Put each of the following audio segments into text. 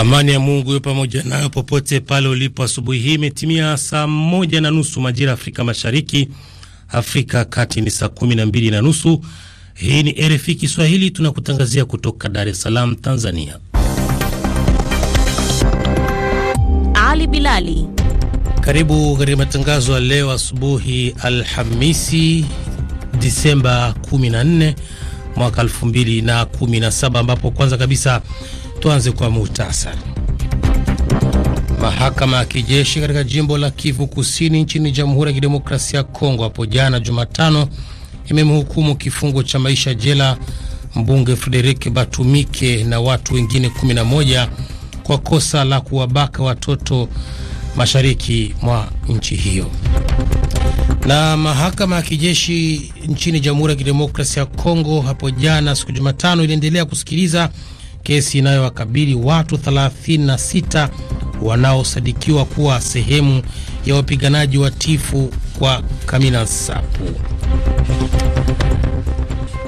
Amani ya Mungu iwe pamoja nayo popote pale ulipo. Asubuhi hii imetimia saa moja na nusu majira Afrika Mashariki, Afrika Kati ni saa kumi na mbili na nusu. Hii ni RFI Kiswahili, tunakutangazia kutoka Dar es Salaam, Tanzania. Ali Bilali, karibu katika matangazo ya leo asubuhi, Alhamisi Disemba 14 mwaka 2017, ambapo kwanza kabisa Tuanze kwa muhtasari. Mahakama ya kijeshi katika jimbo la Kivu Kusini nchini Jamhuri ya Kidemokrasia ya Kongo hapo jana Jumatano imemhukumu kifungo cha maisha jela mbunge Frederik Batumike na watu wengine 11 kwa kosa la kuwabaka watoto mashariki mwa nchi hiyo. Na mahakama ya kijeshi nchini Jamhuri ya Kidemokrasia ya Kongo hapo jana siku Jumatano iliendelea kusikiliza kesi inayowakabili watu 36 wanaosadikiwa kuwa sehemu ya wapiganaji wa tifu kwa Kamina Sapu.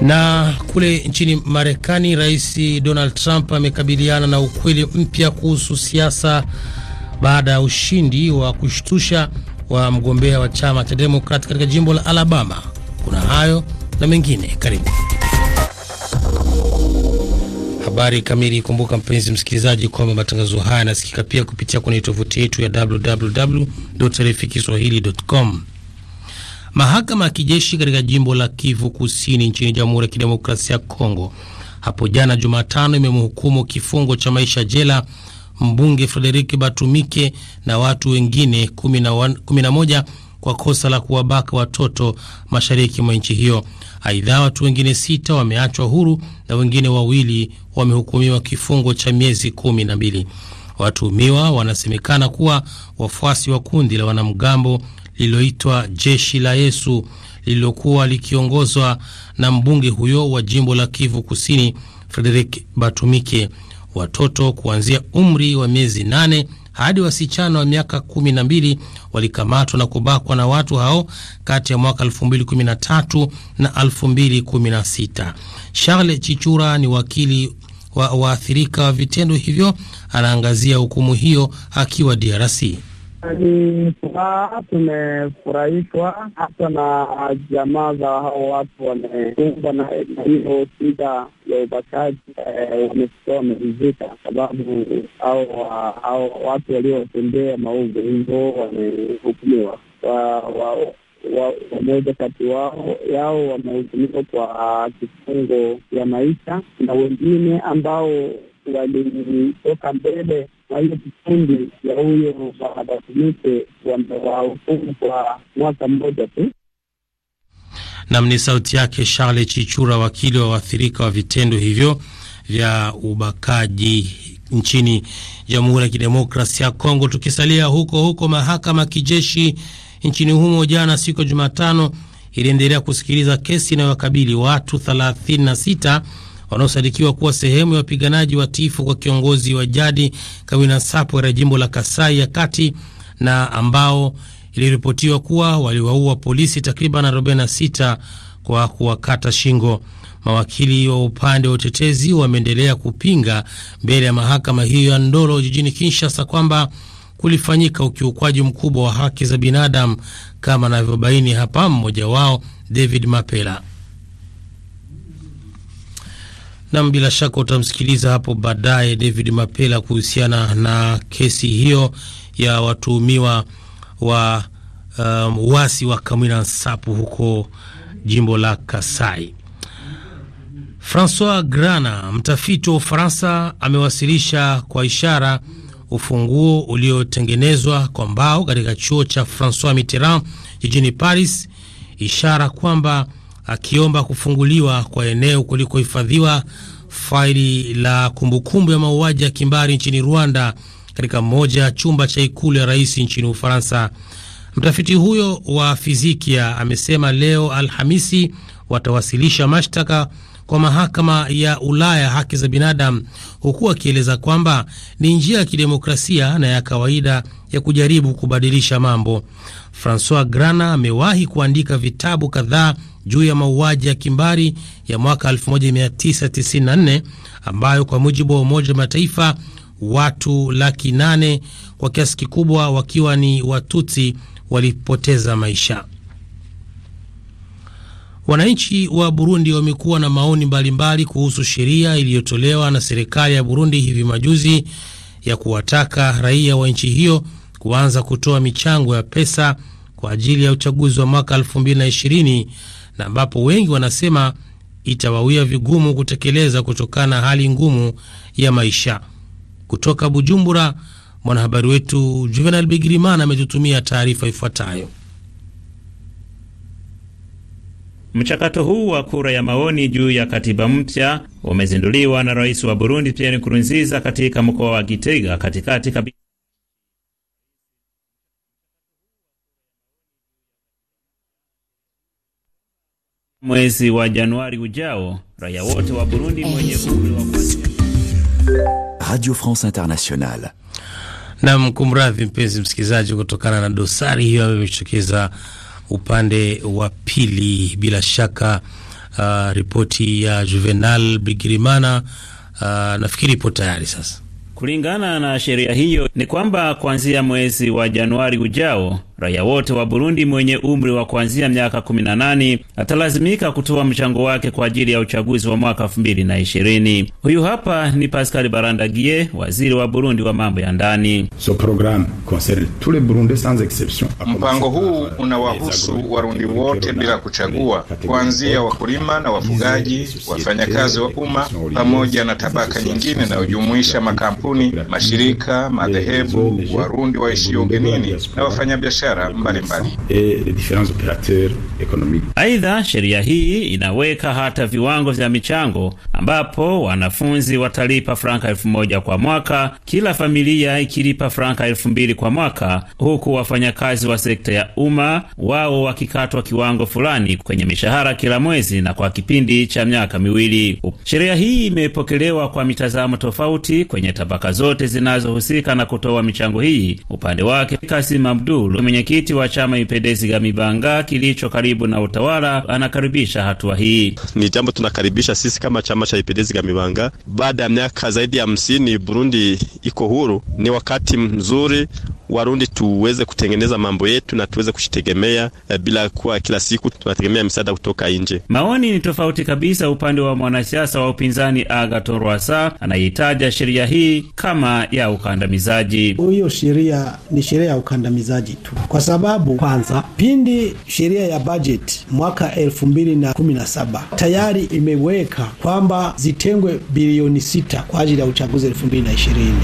Na kule nchini Marekani, Rais Donald Trump amekabiliana na ukweli mpya kuhusu siasa baada ya ushindi wa kushtusha wa mgombea wa chama cha Demokrat katika jimbo la Alabama. Kuna hayo na mengine, karibu habari kamili. Kumbuka mpenzi msikilizaji, kwamba matangazo haya yanasikika pia kupitia kwenye tovuti yetu ya www.rfikiswahili.com. Mahakama ya kijeshi katika jimbo la Kivu Kusini nchini Jamhuri ya Kidemokrasia ya Kongo hapo jana Jumatano imemhukumu kifungo cha maisha jela mbunge Frederik Batumike na watu wengine 11 kwa kosa la kuwabaka watoto mashariki mwa nchi hiyo. Aidha, watu wengine sita wameachwa huru na wengine wawili wamehukumiwa kifungo cha miezi kumi na mbili. Watuhumiwa wanasemekana kuwa wafuasi wa kundi la wanamgambo lililoitwa Jeshi la Yesu lililokuwa likiongozwa na mbunge huyo wa jimbo la Kivu Kusini Frederik Batumike. Watoto kuanzia umri wa miezi nane hadi wasichana wa miaka kumi na mbili walikamatwa na kubakwa na watu hao kati ya mwaka 2013 na 2016. Charles Chichura ni wakili wa waathirika wa vitendo hivyo, anaangazia hukumu hiyo akiwa DRC. Ni furaha, tumefurahishwa hasa na jamaa za hao watu wamekumbwa na hiyo shida ya ubakaji, eh, wamesikia wamerizika, sababu hao watu waliotendea maovu hivyo wamehukumiwa wamoja kati wao yao wamehukumiwa kwa kifungo ya maisha, na wengine ambao walitoka mbele kwa hiyo kikundi ya huyo Barabatunike kwa mwaka mmoja tu. Nam ni sauti yake Charles Chichura, wakili wa waathirika wa vitendo hivyo vya ubakaji nchini Jamhuri ya Kidemokrasia ya Kongo. Tukisalia huko huko, mahakama kijeshi nchini humo jana, siku ya Jumatano, iliendelea kusikiliza kesi inayowakabili watu 36 wanaosadikiwa kuwa sehemu ya wapiganaji watiifu kwa kiongozi wa jadi Kawina Nsapu katika jimbo la Kasai ya kati na ambao iliripotiwa kuwa waliwaua polisi takriban 46 kwa kuwakata shingo. Mawakili wa upande wa utetezi wameendelea kupinga mbele ya mahakama hiyo ya Ndolo jijini Kinshasa kwamba kulifanyika ukiukwaji mkubwa wa haki za binadamu kama anavyobaini hapa mmoja wao David Mapela. Nam, bila shaka utamsikiliza hapo baadaye David Mapela kuhusiana na kesi hiyo ya watuhumiwa wa um, wasi wa Kamwina Nsapu huko jimbo la Kasai. Francois Grana, mtafiti wa Ufaransa, amewasilisha kwa ishara ufunguo uliotengenezwa kwa mbao katika chuo cha Francois Mitterrand jijini Paris, ishara kwamba akiomba kufunguliwa kwa eneo kulikohifadhiwa faili la kumbukumbu ya mauaji ya kimbari nchini Rwanda katika mmoja ya chumba cha ikulu ya rais nchini Ufaransa. Mtafiti huyo wa fizikia amesema leo Alhamisi watawasilisha mashtaka kwa mahakama ya Ulaya haki za binadamu, huku akieleza kwamba ni njia ya kidemokrasia na ya kawaida ya kujaribu kubadilisha mambo. Francois Grana amewahi kuandika vitabu kadhaa juu ya mauaji ya kimbari ya mwaka 1994 ambayo kwa mujibu wa Umoja wa Mataifa watu laki nane kwa kiasi kikubwa wakiwa ni Watutsi walipoteza maisha. Wananchi wa Burundi wamekuwa na maoni mbalimbali kuhusu sheria iliyotolewa na serikali ya Burundi hivi majuzi ya kuwataka raia wa nchi hiyo kuanza kutoa michango ya pesa kwa ajili ya uchaguzi wa mwaka na ambapo wengi wanasema itawawia vigumu kutekeleza kutokana na hali ngumu ya maisha. Kutoka Bujumbura, mwanahabari wetu Juvenal Bigirimana ametutumia taarifa ifuatayo. Mchakato huu wa kura ya maoni juu ya katiba mpya umezinduliwa na rais wa Burundi Pierre Nkurunziza katika mkoa wa Gitega katikati kabisa Mwezi wa Januari ujao, raia wote wa Burundi mwenye umri wa kuanzia Radio France Internationale. Na kumradhi mpenzi msikilizaji, kutokana na dosari hiyo ambayo upande wa pili. Bila shaka uh, ripoti ya Juvenal Bigirimana uh, nafikiri ipo tayari sasa. Kulingana na sheria hiyo ni kwamba kuanzia mwezi wa Januari ujao Raia wote wa Burundi mwenye umri wa kuanzia miaka 18 atalazimika kutoa mchango wake kwa ajili ya uchaguzi wa mwaka 2020. Huyu hapa ni Pascal Barandagie, waziri wa Burundi wa mambo ya ndani. Mpango huu unawahusu Warundi wote bila kuchagua, kuanzia wakulima na wafugaji, wafanyakazi wa umma, pamoja na tabaka nyingine inayojumuisha makampuni, mashirika, madhehebu, Warundi waishio ugenini na wafanyabiashara biashara mbalimbali. Eh, Aidha, sheria hii inaweka hata viwango vya michango ambapo wanafunzi watalipa franka elfu moja kwa mwaka, kila familia ikilipa franka elfu mbili kwa mwaka, huku wafanyakazi wa sekta ya umma wao wakikatwa kiwango fulani kwenye mishahara kila mwezi na kwa kipindi cha miaka miwili. Sheria hii imepokelewa kwa mitazamo tofauti kwenye tabaka zote zinazohusika na kutoa michango hii. Upande wake Kasim Abdul mwenyekiti wa chama Ipedezi Gamibanga kilicho karibu na utawala anakaribisha hatua hii. Ni jambo tunakaribisha sisi kama chama cha Ipedezi Gamibanga. Baada ya miaka zaidi ya hamsini Burundi iko huru, ni wakati mzuri Warundi tuweze kutengeneza mambo yetu na tuweze kushitegemea eh, bila kuwa kila siku tunategemea misaada kutoka nje. Maoni ni tofauti kabisa upande wa mwanasiasa wa upinzani agaton Rwasa anayeitaja sheria hii kama ya ukandamizaji. Hiyo sheria ni sheria ya ukandamizaji tu, kwa sababu kwanza, pindi sheria ya bajeti mwaka elfu mbili na kumi na saba tayari imeweka kwamba zitengwe bilioni sita kwa ajili ya uchaguzi elfu mbili na ishirini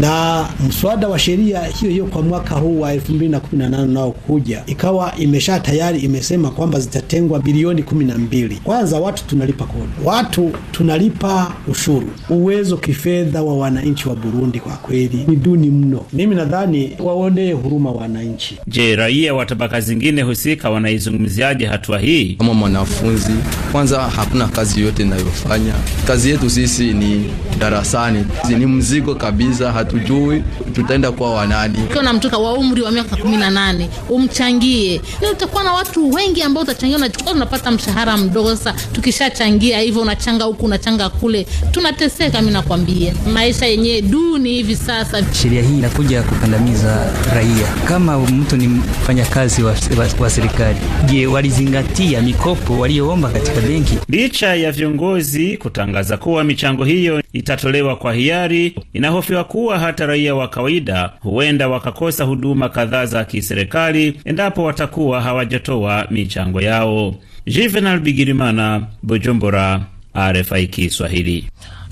na mswada wa sheria hiyo hiyo kwa mwaka huu wa 2018 nao kuja, ikawa imesha tayari imesema kwamba zitatengwa bilioni 12. Kwanza watu tunalipa kodi, watu tunalipa ushuru. Uwezo kifedha wa wananchi wa Burundi kwa kweli ni duni mno. Mimi nadhani waonee huruma wananchi. Je, raia wa tabaka zingine husika wanaizungumziaje hatua hii? Kama mwanafunzi, kwanza hakuna kazi yoyote inayofanya Kazi yetu sisi ni darasani, ni mzigo kabisa, hatujui tutaenda kwa wanani. Ukiwa na mtoto wa umri wa miaka kumi na nane umchangie, utakuwa na watu wengi ambao utachangia, unachukua unapata mshahara mdogo. Sasa tukishachangia hivyo, unachanga huku unachanga kule, tunateseka. Mimi nakwambia maisha yenyewe duni hivi sasa. Sheria hii inakuja kukandamiza raia. Kama mtu ni mfanyakazi wa, wa, wa serikali, je, walizingatia mikopo walioomba katika benki? Licha ya viongozi kutanga ametangaza kuwa michango hiyo itatolewa kwa hiari. Inahofiwa kuwa hata raia wa kawaida huenda wakakosa huduma kadhaa za kiserikali endapo watakuwa hawajatoa michango yao. Juvenal Bigirimana, Bujumbura, RFI Kiswahili.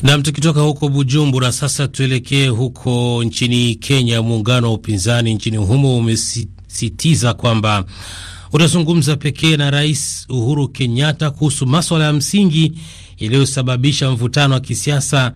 Nam, tukitoka huko Bujumbura sasa tuelekee huko nchini Kenya. Muungano wa upinzani nchini humo umesisitiza kwamba utazungumza pekee na Rais Uhuru Kenyatta kuhusu maswala ya msingi iliyosababisha mvutano wa kisiasa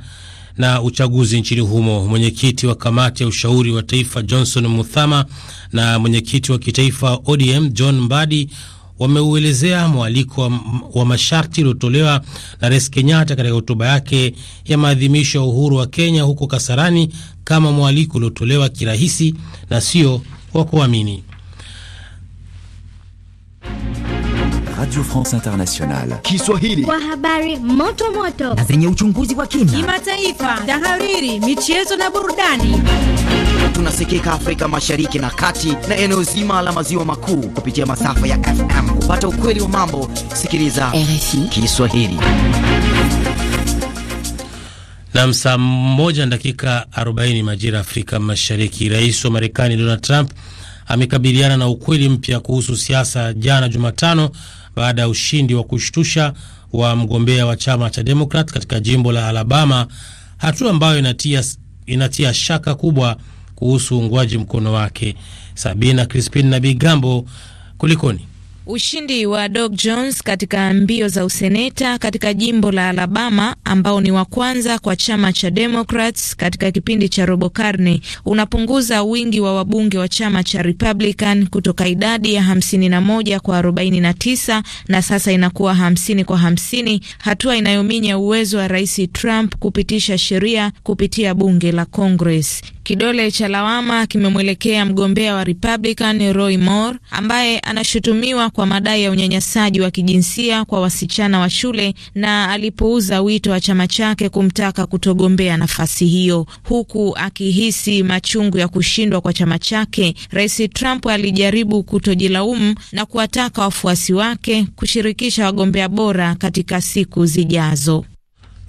na uchaguzi nchini humo. Mwenyekiti wa kamati ya ushauri wa taifa Johnson Muthama na mwenyekiti wa kitaifa ODM John Mbadi wameuelezea mwaliko wa, wa masharti uliotolewa na Rais Kenyatta katika hotuba yake ya maadhimisho ya uhuru wa Kenya huko Kasarani kama mwaliko uliotolewa kirahisi na sio wa kuamini. Radio France Internationale Kiswahili kwa habari moto moto na zenye uchunguzi wa kina, kimataifa, tahariri, michezo na burudani. Tunasikika Afrika Mashariki na Kati na eneo zima la maziwa makuu kupitia masafa ya FM. Kupata ukweli wa mambo, sikiliza RFI Kiswahili. Na saa moja na dakika 40 majira Afrika Mashariki. Rais wa Marekani Donald Trump amekabiliana na ukweli mpya kuhusu siasa jana Jumatano baada ya ushindi wa kushtusha wa mgombea wa chama cha Demokrat katika jimbo la Alabama, hatua ambayo inatia, inatia shaka kubwa kuhusu uungwaji mkono wake. Sabina Crispin na Bigambo, kulikoni? Ushindi wa Doug Jones katika mbio za useneta katika jimbo la Alabama ambao ni wa kwanza kwa chama cha Democrats katika kipindi cha robo karne unapunguza wingi wa wabunge wa chama cha Republican kutoka idadi ya 51 kwa 49 na sasa inakuwa 50 kwa 50, hatua inayominya uwezo wa Rais Trump kupitisha sheria kupitia bunge la Congress. Kidole cha lawama kimemwelekea mgombea wa Republican Roy Moore ambaye anashutumiwa kwa madai ya unyanyasaji wa kijinsia kwa wasichana wa shule na alipouza wito wa chama chake kumtaka kutogombea nafasi hiyo. Huku akihisi machungu ya kushindwa kwa chama chake, Rais Trump alijaribu kutojilaumu na kuwataka wafuasi wake kushirikisha wagombea bora katika siku zijazo.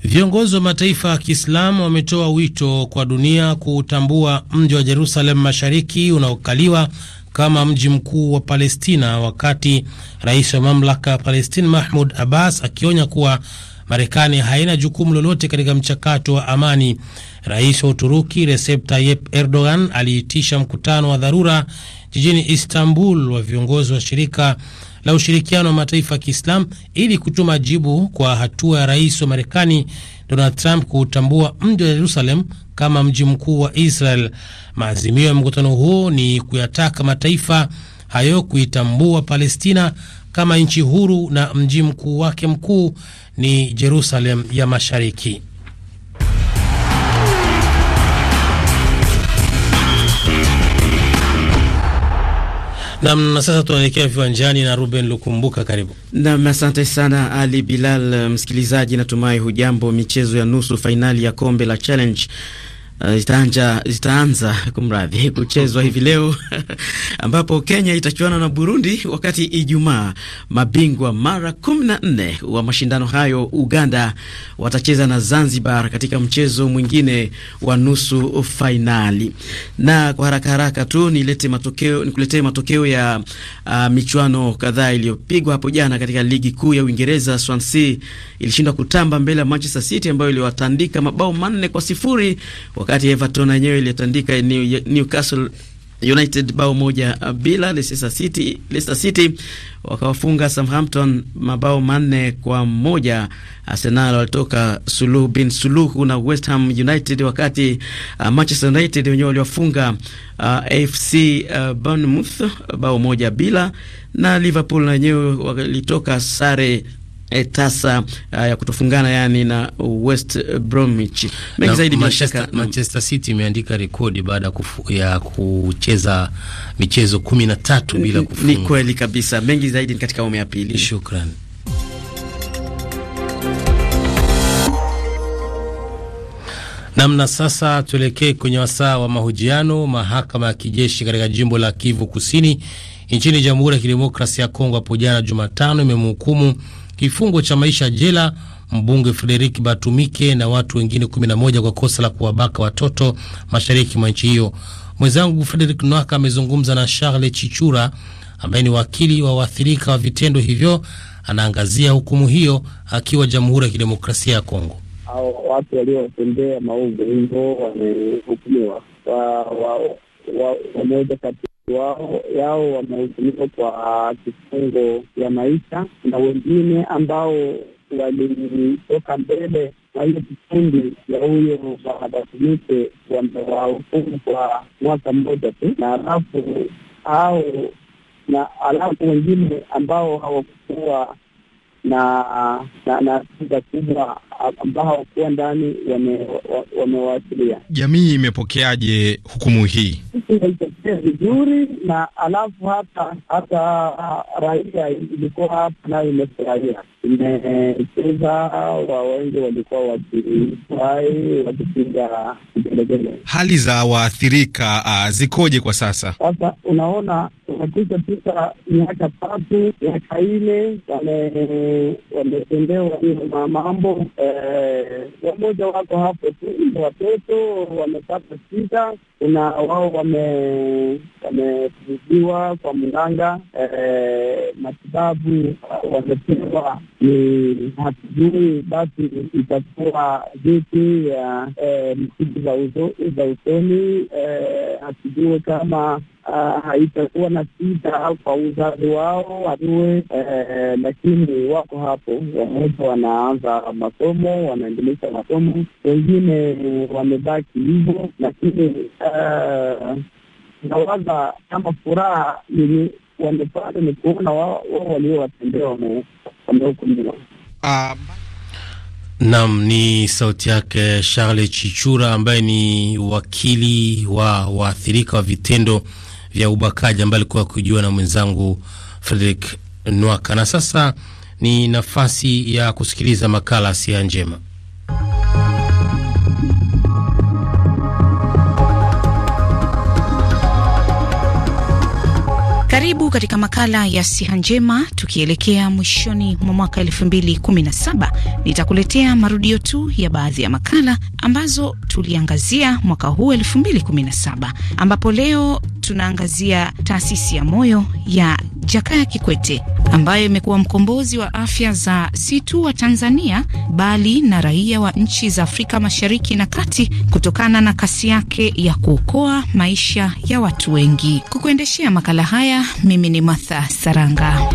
Viongozi wa mataifa ya Kiislamu wametoa wito kwa dunia kuutambua mji wa Jerusalem Mashariki unaokaliwa kama mji mkuu wa Palestina, wakati rais wa mamlaka ya Palestina Mahmud Abbas akionya kuwa Marekani haina jukumu lolote katika mchakato wa amani. Rais wa Uturuki Recep Tayyip Erdogan aliitisha mkutano wa dharura jijini Istanbul wa viongozi wa shirika la ushirikiano wa mataifa ya Kiislamu ili kutuma jibu kwa hatua ya rais wa Marekani Donald Trump kuutambua mji wa Jerusalem kama mji mkuu wa Israel. Maazimio ya mkutano huo ni kuyataka mataifa hayo kuitambua Palestina kama nchi huru na mji mkuu wake mkuu ni Jerusalem ya Mashariki. Nam, na sasa tunaelekea viwanjani na Ruben Lukumbuka, karibu nam. Asante sana Ali Bilal. Msikilizaji, natumai hujambo. Michezo ya nusu fainali ya kombe la Challenge Uh, zitaanza kumradhi kuchezwa hivi leo ambapo Kenya itachuana na Burundi, wakati Ijumaa mabingwa mara 14 wa mashindano hayo Uganda watacheza na Zanzibar katika mchezo mwingine wa nusu fainali. Na kwa haraka haraka tu nilete matokeo, nikuletee matokeo ya uh, michuano kadhaa iliyopigwa hapo jana katika ligi kuu ya Uingereza. Swansea ilishindwa kutamba mbele ya Manchester City ambayo iliwatandika mabao manne kwa sifuri wakati Everton yenyewe ilitandika New, Newcastle United bao moja bila. Leicester City, Leicester City wakawafunga Southampton mabao manne kwa moja. Arsenal walitoka suluhu bin suluhu na West Ham United, wakati uh, Manchester United wenyewe waliwafunga uh, AFC uh, Bournemouth bao moja bila, na Liverpool na wenyewe walitoka sare E, tasa uh, ya kutofungana yani na West Bromwich. Mengi zaidi Manchester, mm. Manchester City imeandika rekodi baada ya kucheza michezo 13 bila kufunga. Ni kweli kabisa. Mengi zaidi ni katika awamu ya pili. Shukrani. Namna sasa, tuelekee kwenye wasaa wa mahojiano. Mahakama ya kijeshi katika jimbo la Kivu Kusini nchini Jamhuri ya Kidemokrasia ya Kongo hapo jana Jumatano imemhukumu kifungo cha maisha jela mbunge Frederik Batumike na watu wengine 11 kwa kosa la kuwabaka watoto mashariki mwa nchi hiyo. Mwenzangu Frederik Nwaka amezungumza na Charles Chichura ambaye ni wakili wa waathirika wa vitendo hivyo, anaangazia hukumu hiyo akiwa Jamhuri ya Kidemokrasia ya Kongo. Au watu waliotendea maovu hivyo wamehukumiwa wa, wa, wa, wa, wa, wa, wa, wa, wa, wao yao wamehukumiwa kwa kifungo ya maisha, na wengine ambao walitoka mbele kwa hiyo kikundi ya huyo Badafunike wamewahukumu kwa mwaka mmoja tu, na halafu au na alafu wengine ambao hawakukuwa na na shida kubwa ambao hawakuwa ndani wamewasilia. Wame jamii imepokeaje hukumu hii? vizuri, na alafu hata hata uh, raia ilikuwa hapa nayo imefurahia, imecheza wa wengi walikuwa wakifurahi wakipiga vigelegele. Hali za waathirika uh, zikoje kwa sasa? Sasa unaona umekwisha pita miaka tatu miaka nne, wametendewa hiyo mambo Eh, wamoja wako hapo tu, ni watoto wamepata shida, kuna wao wamefuziwa kwa mganga eh, matibabu wamepewa, ni hatujui basi itakuwa vipi ya siku eh, za usoni, hatujue kama Ah, haitakuwa na shida kwa uzazi wao wajue, eh, lakini wako hapo, wamoja wanaanza masomo, wanaendelesha masomo, wengine wamebaki hivyo, lakini eh, nawaza kama furaha yenye wamepata ni kuona wao waliowatendea wamehukumiwa. Ah, Nam ni sauti yake Charles Chichura ambaye ni wakili wa waathirika wa vitendo vya ubakaji ambayo alikuwa akijiwa na mwenzangu Frederick Nwaka. Na sasa ni nafasi ya kusikiliza makala Siha Njema. huu katika makala ya siha njema. Tukielekea mwishoni mwa mwaka 2017, nitakuletea marudio tu ya baadhi ya makala ambazo tuliangazia mwaka huu 2017, ambapo leo tunaangazia taasisi ya moyo ya Jakaya Kikwete ambayo imekuwa mkombozi wa afya za si tu wa Tanzania bali na raia wa nchi za Afrika Mashariki na Kati kutokana na kasi yake ya kuokoa maisha ya watu wengi. Kukuendeshea makala haya mimi mimi ni Martha Saranga.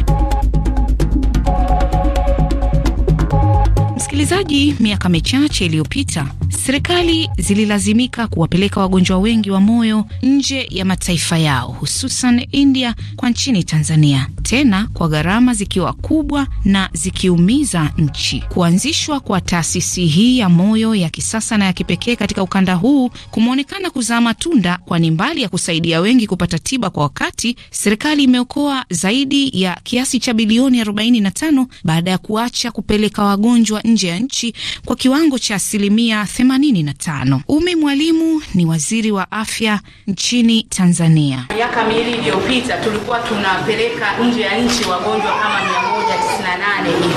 Msikilizaji, miaka michache iliyopita serikali zililazimika kuwapeleka wagonjwa wengi wa moyo nje ya mataifa yao, hususan India kwa nchini Tanzania, tena kwa gharama zikiwa kubwa na zikiumiza nchi. Kuanzishwa kwa taasisi hii ya moyo ya kisasa na ya kipekee katika ukanda huu kumeonekana kuzaa matunda, kwani mbali ya kusaidia wengi kupata tiba kwa wakati, serikali imeokoa zaidi ya kiasi cha bilioni 45 baada ya kuacha kupeleka wagonjwa nje ya nchi kwa kiwango cha asilimia 85. Umi Mwalimu ni waziri wa afya nchini Tanzania. Miaka miwili iliyopita tulikuwa tunapeleka nje ya nchi wagonjwa kama 198 hivi,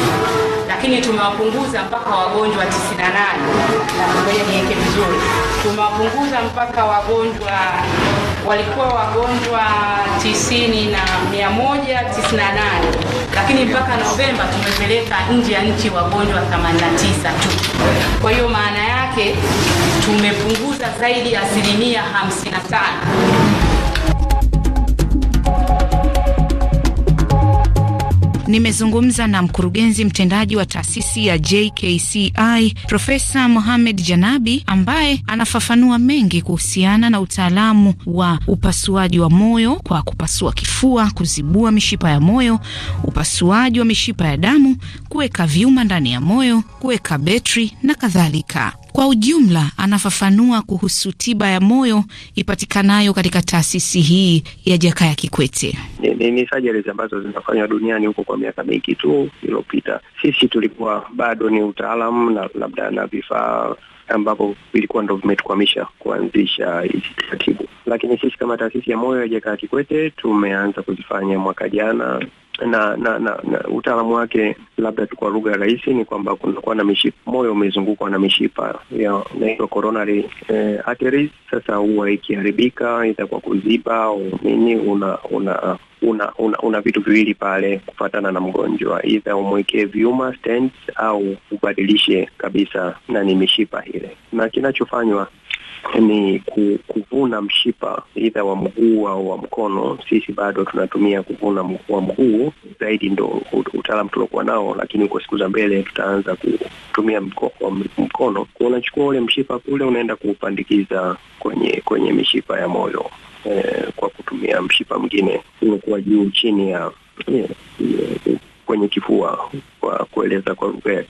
lakini tumewapunguza mpaka wagonjwa 98 na ngoja niweke vizuri, tumewapunguza mpaka wagonjwa walikuwa wagonjwa tisini na mia moja nane lakini mpaka Novemba tumepeleka nje ya nchi wagonjwa 89 tu. Kwa hiyo maana yake tumepunguza zaidi ya asilimia 55 Nimezungumza na mkurugenzi mtendaji wa taasisi ya JKCI Profesa Mohamed Janabi ambaye anafafanua mengi kuhusiana na utaalamu wa upasuaji wa moyo kwa kupasua kifua, kuzibua mishipa ya moyo, upasuaji wa mishipa ya damu, kuweka vyuma ndani ya moyo, kuweka betri na kadhalika. Kwa ujumla, anafafanua kuhusu tiba ya moyo ipatikanayo katika taasisi hii ya Jakaya Kikwete. Ni, ni, ni sajeles ambazo zinafanywa duniani huko kwa miaka mingi tu iliyopita. Sisi tulikuwa bado ni utaalamu na labda na vifaa ambapo vilikuwa ndo vimetukwamisha kuanzisha hizi taratibu, lakini sisi kama taasisi ya moyo ya Jakaya Kikwete tumeanza kuzifanya mwaka jana na na, na, na utaalamu wake labda tu kwa lugha rahisi ni kwamba kunakuwa na mishipa, moyo umezungukwa na mishipa inaitwa coronary eh, arteries. Sasa huwa ikiharibika idha kwa kuziba au nini, una una una una, una vitu viwili pale kufatana na mgonjwa, idha umwekee vyuma stents au ubadilishe kabisa nani mishipa ile, na kinachofanywa ni kuvuna mshipa idha wa mguu au wa mkono. Sisi bado tunatumia kuvuna wa mguu zaidi, ndo utaalam tuliokuwa nao, lakini kwa siku za mbele tutaanza kutumia mko, mkono. Unachukua ule mshipa kule, unaenda kuupandikiza kwenye kwenye mishipa ya moyo eh, kwa kutumia mshipa mwingine uliokuwa juu chini ya yeah, yeah, kwenye kifua, kwa kueleza kwa lugha ya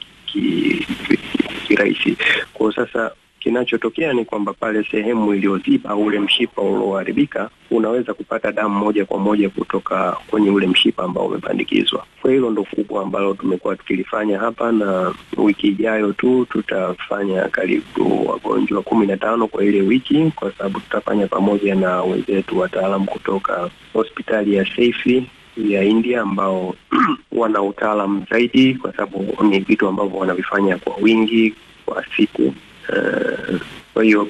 kirahisi ki, ki, ki kwao sasa Kinachotokea ni kwamba pale sehemu iliyoziba ule mshipa ulioharibika, unaweza kupata damu moja kwa moja kutoka kwenye ule mshipa ambao umepandikizwa. Kwa hilo ndo kubwa ambalo tumekuwa tukilifanya hapa, na wiki ijayo tu tutafanya karibu wagonjwa kumi na tano kwa ile wiki, kwa sababu tutafanya pamoja na wenzetu wataalam kutoka hospitali ya Seifi ya India ambao wana utaalam zaidi, kwa sababu ni vitu ambavyo wanavifanya kwa wingi kwa siku Eh, kwa hiyo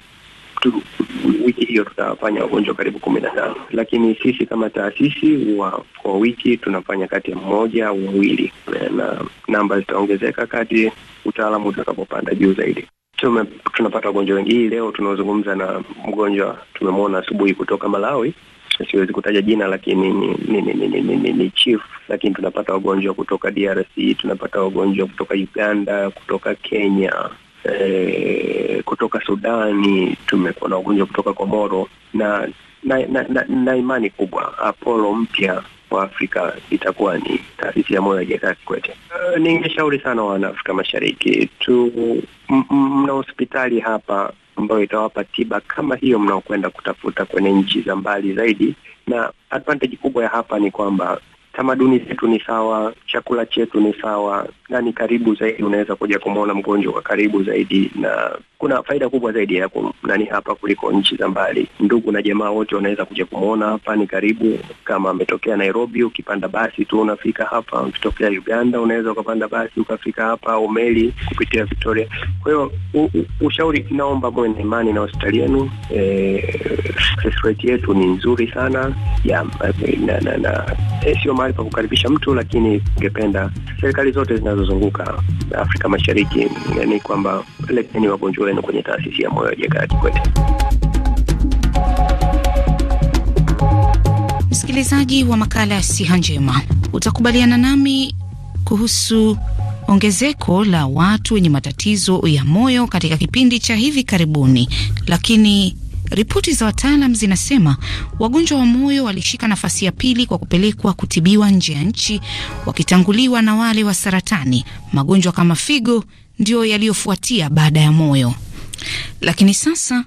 wiki hiyo tutafanya wagonjwa karibu kumi na tano, lakini sisi kama taasisi wa, kwa wiki tunafanya kati ya mmoja au wawili, eh, na namba zitaongezeka kadri utaalamu utakapopanda juu zaidi. Tume, tunapata wagonjwa wengi. Hii leo tunaozungumza na mgonjwa tumemwona asubuhi kutoka Malawi, siwezi kutaja jina lakini ni, ni, ni, ni, ni, ni, ni chief. Lakini tunapata wagonjwa kutoka DRC, tunapata wagonjwa kutoka Uganda, kutoka Kenya, Eh, kutoka Sudani, tumekuwa na wagonjwa kutoka Komoro na na, na, na na imani kubwa Apollo mpya wa Afrika itakuwa ni taasisi ya moyo ya Jakaya Kikwete. Uh, ningeshauri sana afrika Mashariki tu, mna hospitali hapa ambayo itawapa tiba kama hiyo mnaokwenda kutafuta kwenye nchi za mbali zaidi, na advantage kubwa ya hapa ni kwamba tamaduni zetu ni sawa, chakula chetu ni sawa, na ni karibu zaidi, unaweza kuja kumwona mgonjwa kwa karibu zaidi na kuna faida kubwa zaidi ya nani hapa kuliko nchi za mbali. Ndugu na jamaa wote wanaweza kuja kumwona hapa, ni karibu. Kama ametokea Nairobi, ukipanda basi tu unafika hapa. Ukitokea Uganda, unaweza ukapanda basi ukafika hapa, au meli kupitia Victoria. Kwa hiyo ushauri, naomba mwe na imani na hospitali yenu. E, success rate yetu ni nzuri sana ya, na, na, na e, sio mahali pa kukaribisha mtu, lakini ungependa serikali zote zinazozunguka Afrika Mashariki ni kwamba leteni wagonjwa mashindano kwenye taasisi ya Moyo wa Jakaya Kikwete. Msikilizaji wa makala ya Siha Njema, utakubaliana nami kuhusu ongezeko la watu wenye matatizo ya moyo katika kipindi cha hivi karibuni, lakini ripoti za wataalam zinasema wagonjwa wa moyo walishika nafasi ya pili kwa kupelekwa kutibiwa nje ya nchi, wakitanguliwa na wale wa saratani. Magonjwa kama figo ndiyo yaliyofuatia baada ya moyo. Lakini sasa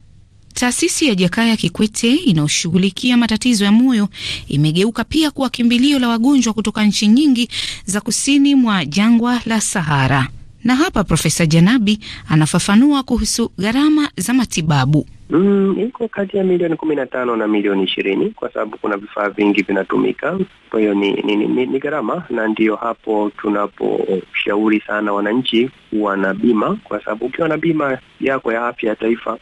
taasisi ya Jakaya Kikwete inayoshughulikia matatizo ya moyo imegeuka pia kuwa kimbilio la wagonjwa kutoka nchi nyingi za kusini mwa jangwa la Sahara. Na hapa Profesa Janabi anafafanua kuhusu gharama za matibabu. Mm, iko kati ya milioni kumi na tano na milioni ishirini kwa sababu kuna vifaa vingi vinatumika. Kwa hiyo ni, ni, ni, ni gharama, na ndiyo hapo tunaposhauri sana wananchi kuwa na bima, kwa sababu ukiwa na bima yako ya afya ya taifa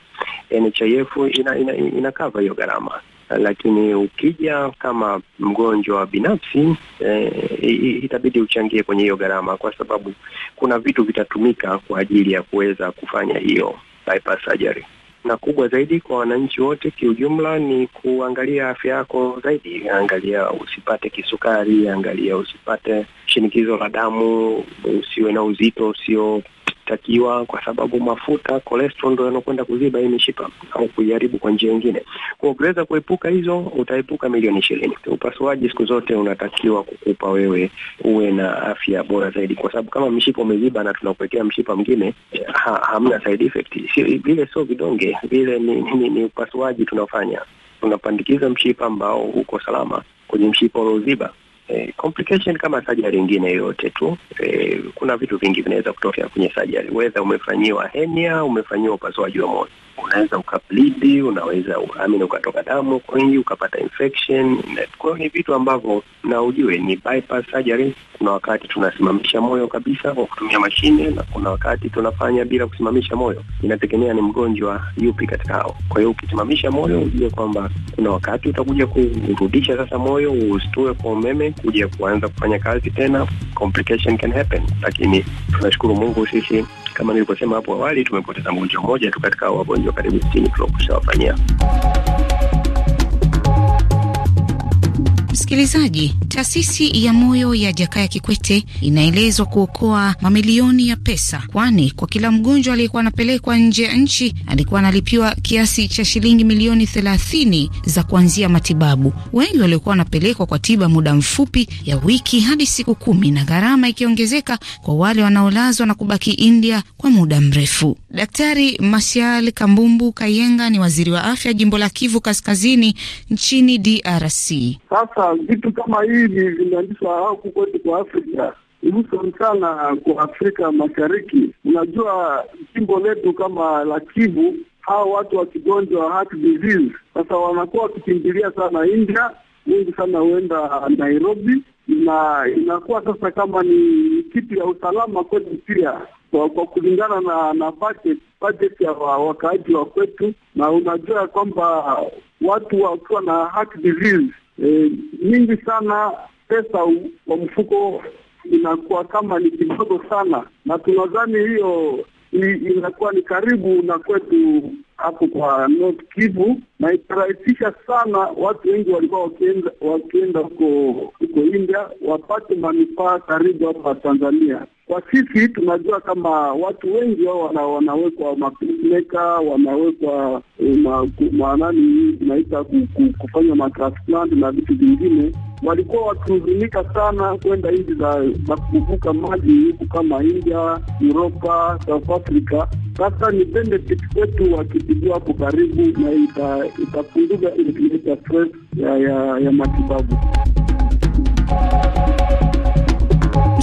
NHIF ina, ina, ina, ina kava hiyo gharama. Eh, lakini ukija kama mgonjwa binafsi eh, itabidi uchangie kwenye hiyo gharama, kwa sababu kuna vitu vitatumika kwa ajili ya kuweza kufanya hiyo bypass surgery. Na kubwa zaidi kwa wananchi wote kiujumla ni kuangalia afya yako zaidi, angalia usipate kisukari, angalia usipate shinikizo la damu, usiwe na uzito usio kushtakiwa kwa sababu mafuta cholesterol ndio yanakwenda kuziba hii mishipa au kuiharibu kwa njia nyingine. Kwa ukiweza kuepuka hizo, utaepuka milioni ishirini. Upasuaji siku zote unatakiwa kukupa wewe uwe na afya bora zaidi, kwa sababu kama mshipa umeziba na tunakuwekea mshipa mwingine ha, hamna side effect. Vile sio vidonge vile, ni, ni, ni upasuaji tunafanya, tunapandikiza mshipa ambao uko salama kwenye mshipa ulioziba. E, complication kama sajari ingine yoyote tu e, kuna vitu vingi vinaweza kutokea kwenye sajari, wedha umefanyiwa henia, umefanyiwa upasuaji wa moyo unaweza ukablidi, unaweza amini ukatoka damu kwingi, ukapata infection. Kwa hiyo ni vitu ambavyo na ujue ni bypass surgery. Kuna wakati tunasimamisha moyo kabisa kwa kutumia mashine, na kuna wakati tunafanya bila kusimamisha moyo. Inategemea ni mgonjwa yupi katika hao. Kwa hiyo ukisimamisha moyo, ujue kwamba kuna wakati utakuja kurudisha sasa moyo usitue kwa umeme, kuja kuanza kufanya kazi tena, complication can happen, lakini tunashukuru Mungu sisi kama nilivyosema hapo awali, tumepoteza mgonjwa mmoja tu katika wagonjwa karibu 60 wafanyia Msikilizaji, taasisi ya Moyo ya Jakaya Kikwete inaelezwa kuokoa mamilioni ya pesa, kwani kwa kila mgonjwa aliyekuwa anapelekwa nje ya nchi alikuwa analipiwa kiasi cha shilingi milioni thelathini za kuanzia matibabu, wengi waliokuwa wanapelekwa kwa tiba muda mfupi ya wiki hadi siku kumi, na gharama ikiongezeka kwa wale wanaolazwa na kubaki India kwa muda mrefu. Daktari Masial Kambumbu Kayenga ni waziri wa afya jimbo la Kivu Kaskazini nchini DRC. Sasa vitu kama hivi vimeanzishwa huku kwetu kwa Afrika hususan sana kwa Afrika Mashariki. Unajua, jimbo letu kama la Kivu, hao watu wakigonjwa heart disease sasa wanakuwa wakikimbilia sana India, wengi sana huenda Nairobi, na inakuwa sasa kama ni kitu ya usalama kwetu pia kwa, kwa kulingana na na budget budget ya wakaaji wa kwetu, na unajua kwamba watu wakiwa na heart disease e, sana pesa wa mfuko inakuwa kama ni kidogo sana, na tunadhani hiyo inakuwa ni karibu na kwetu hapo kwa North Kivu, na itarahisisha sana watu wengi walikuwa wakienda huko India wapate manufaa karibu hapa Tanzania. Kwa sisi tunajua kama watu wengi wao wana, wanawekwa mapmeka wanawekwa eh, maanani inaita kufanya matransplant na vitu vingine. Walikuwa wakihuzunika sana kwenda nchi za kuvuka maji huku kama India, Uropa, South Africa. Sasa ni benefit kwetu wakipigiwa hapo karibu, na itapunguza ile stress ya, ya, ya matibabu.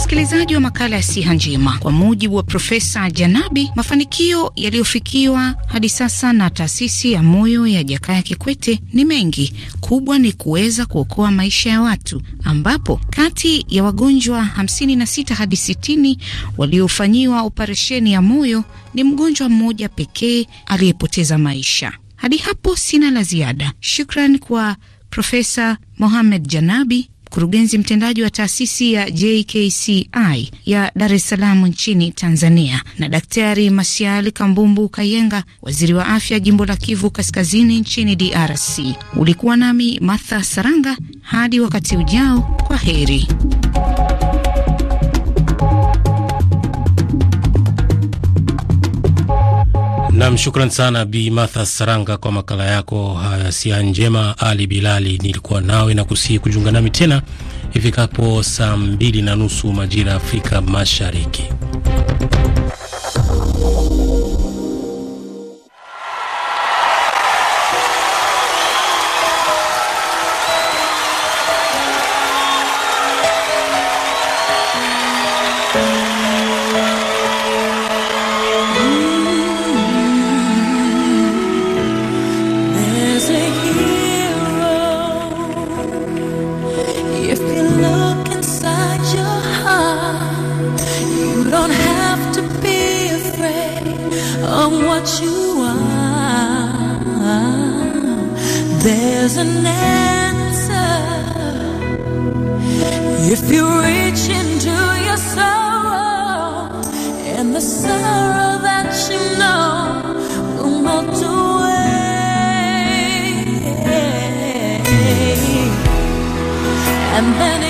Msikilizaji wa makala ya siha njema, kwa mujibu wa Profesa Janabi, mafanikio yaliyofikiwa hadi sasa na taasisi ya moyo ya Jakaya Kikwete ni mengi. Kubwa ni kuweza kuokoa maisha ya watu, ambapo kati ya wagonjwa 56 hadi 60 waliofanyiwa operesheni ya moyo ni mgonjwa mmoja pekee aliyepoteza maisha. Hadi hapo sina la ziada. Shukran kwa Profesa Mohamed Janabi mkurugenzi mtendaji wa taasisi ya JKCI ya Dar es Salaam nchini Tanzania, na Daktari Masial Kambumbu Kayenga, waziri wa afya jimbo la Kivu Kaskazini nchini DRC. Ulikuwa nami Martha Saranga hadi wakati ujao, kwa heri. Nam, shukran sana Bi Martha Saranga kwa makala yako haya. Sia njema Ali Bilali nilikuwa nawe na kusihi kujiunga nami tena ifikapo saa mbili na nusu majira ya Afrika Mashariki. and then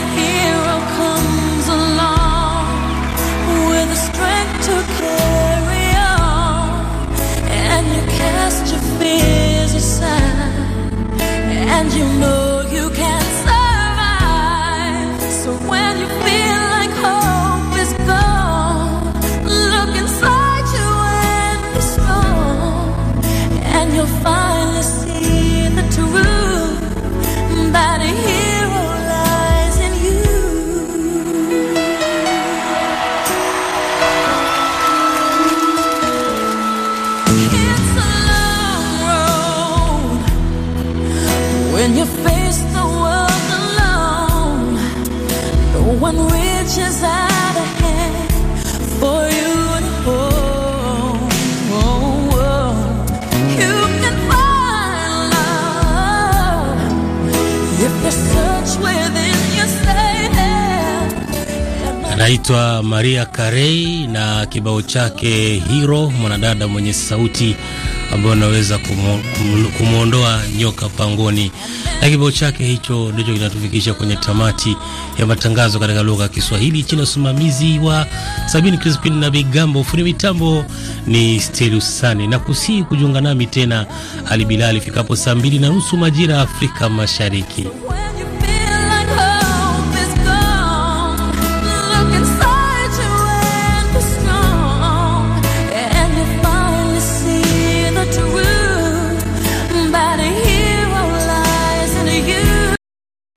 anaitwa Maria Carey na kibao chake Hiro, mwanadada mwenye sauti ambayo anaweza kumwondoa nyoka pangoni. Na kibao chake hicho ndicho kinatufikisha kwenye tamati ya matangazo katika lugha ya Kiswahili chini ya usimamizi wa Sabini Crispin na Bigambo. Fundi mitambo ni Stelusani na kusii kujiunga nami tena Ali Bilali ifikapo saa mbili na nusu majira ya Afrika Mashariki.